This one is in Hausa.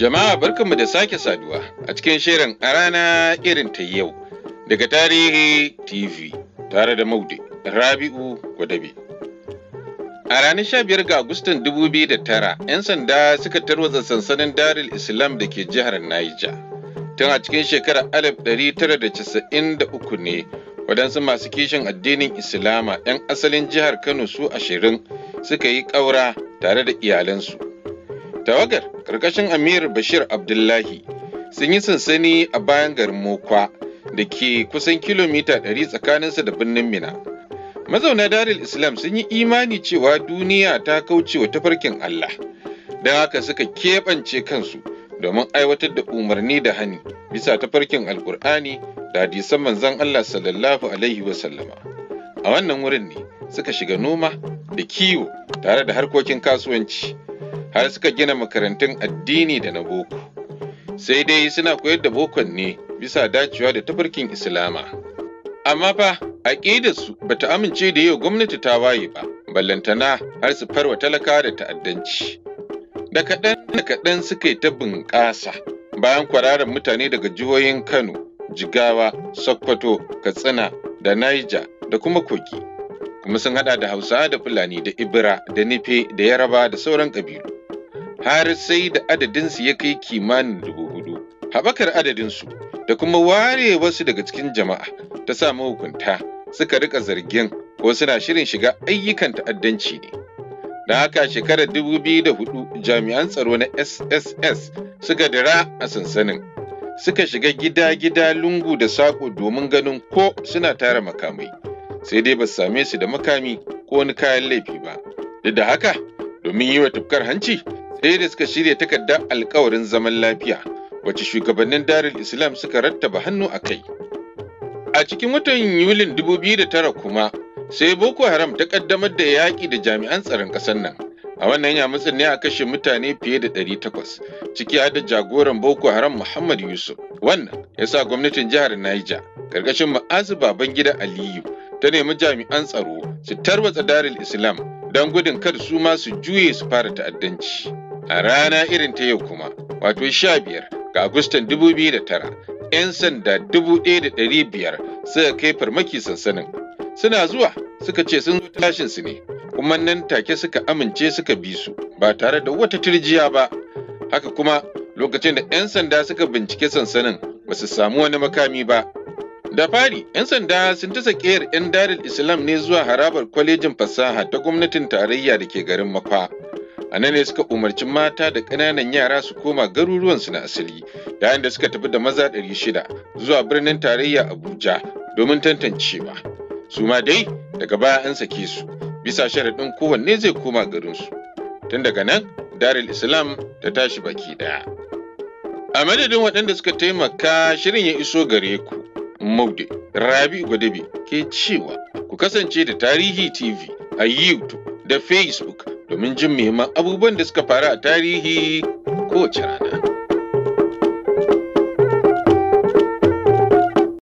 Jama'a barkanmu da sake saduwa a cikin shirin a rana irin ta yau daga tarihi TV tare da Maude Rabi'u Gwadabe. A ranar 15 ga Agustan 2009, 'yan sanda suka tarwatsa sansanin Darul Islam da ke jihar Niger. Tun a cikin shekarar 1993 ne waɗansu masu kishin addinin Islama 'yan asalin jihar Kano su ashirin suka yi ƙaura tare da iyalansu. Tawagar ƙarƙashin Amir Bashir Abdullahi sun yi sansani a bayan garin Mokwa da ke kusan kilomita 100 tsakaninsa da birnin Mina. Mazauna daril Islam sun yi imani cewa duniya ta kauce wa tafarkin Allah, don haka suka keɓance kansu domin aiwatar da umarni da hani bisa tafarkin Alkur'ani da hadisan manzon Allah sallallahu alaihi wasallama. A wannan wurin ne suka shiga noma da kiwo tare da harkokin kasuwanci. har suka gina makarantun addini da na boko sai dai suna koyar da bokon ne bisa dacewa da tafarkin islama amma fa aƙidarsu ba ta amince da yau gwamnati ta waye ba ballantana har su farwa talaka da ta'addanci da kaɗan da kaɗan suka yi ta bunƙasa bayan kwararar mutane daga jihohin kano jigawa sokoto katsina da niger da kuma kogi kuma sun haɗa da hausa da fulani da ibira da Nife da yaraba da sauran ƙabilu har sai da adadinsu ya kai kimanin dubu hudu. Haɓakar adadinsu da kuma ware wasu daga cikin jama'a ta sa mahukunta suka rika zargin ko suna shirin shiga ayyukan ta'addanci ne. Da haka shekarar hudu, jami'an tsaro na SSS suka dira a sansanin. Suka shiga gida-gida lungu da saƙo domin ganin ko suna tara makamai, sai dai ba su same su da makami ko wani kayan laifi ba. Duk da haka, domin yi wa tufkar hanci Daya da suka shirya takardar alkawarin zaman lafiya wacce shugabannin darul islam suka rattaba hannu a kai a cikin watan yulin 2009 kuma sai boko haram ta kaddamar da yaƙi da jami'an tsaron ƙasar nan a wannan ya yamutsin ne a kashe mutane fiye da 800 ciki har da jagoran boko haram muhammad yusuf wannan ya sa gwamnatin jihar niger ƙarƙashin ma'azu gida aliyu ta nemi jami'an tsaro su tarwatsa darul islam don gudun kar su ma su juye su fara ta'addanci. a rana irin ta yau kuma wato sha biyar ga agustan 2009 'yan sanda 1,500 suka kai farmaki sansanin suna zuwa suka ce sun zo tashin su ne kuma nan take suka amince suka bi su ba tare da wata turjiya ba haka kuma lokacin da 'yan sanda suka bincike sansanin ba su samu wani makami ba da fari 'yan sanda sun ta sakiyar 'yan daril islam ne zuwa harabar kwalejin fasaha ta gwamnatin tarayya da ke garin makwa. a nan ne suka umarci mata da ƙananan yara su koma garuruwansu na asali yayin da suka tafi da maza 600 zuwa birnin tarayya abuja domin tantancewa su ma dai daga baya an sake su bisa sharaɗin kowanne zai koma garinsu tun daga nan darul islam ta tashi baki ɗaya a madadin waɗanda suka taimaka shirin ya iso gare ku maude rabi gwadabe ke cewa ku kasance da tarihi tv a youtube da facebook domin jin muhimman abubuwan da suka faru a tarihi kowace rana.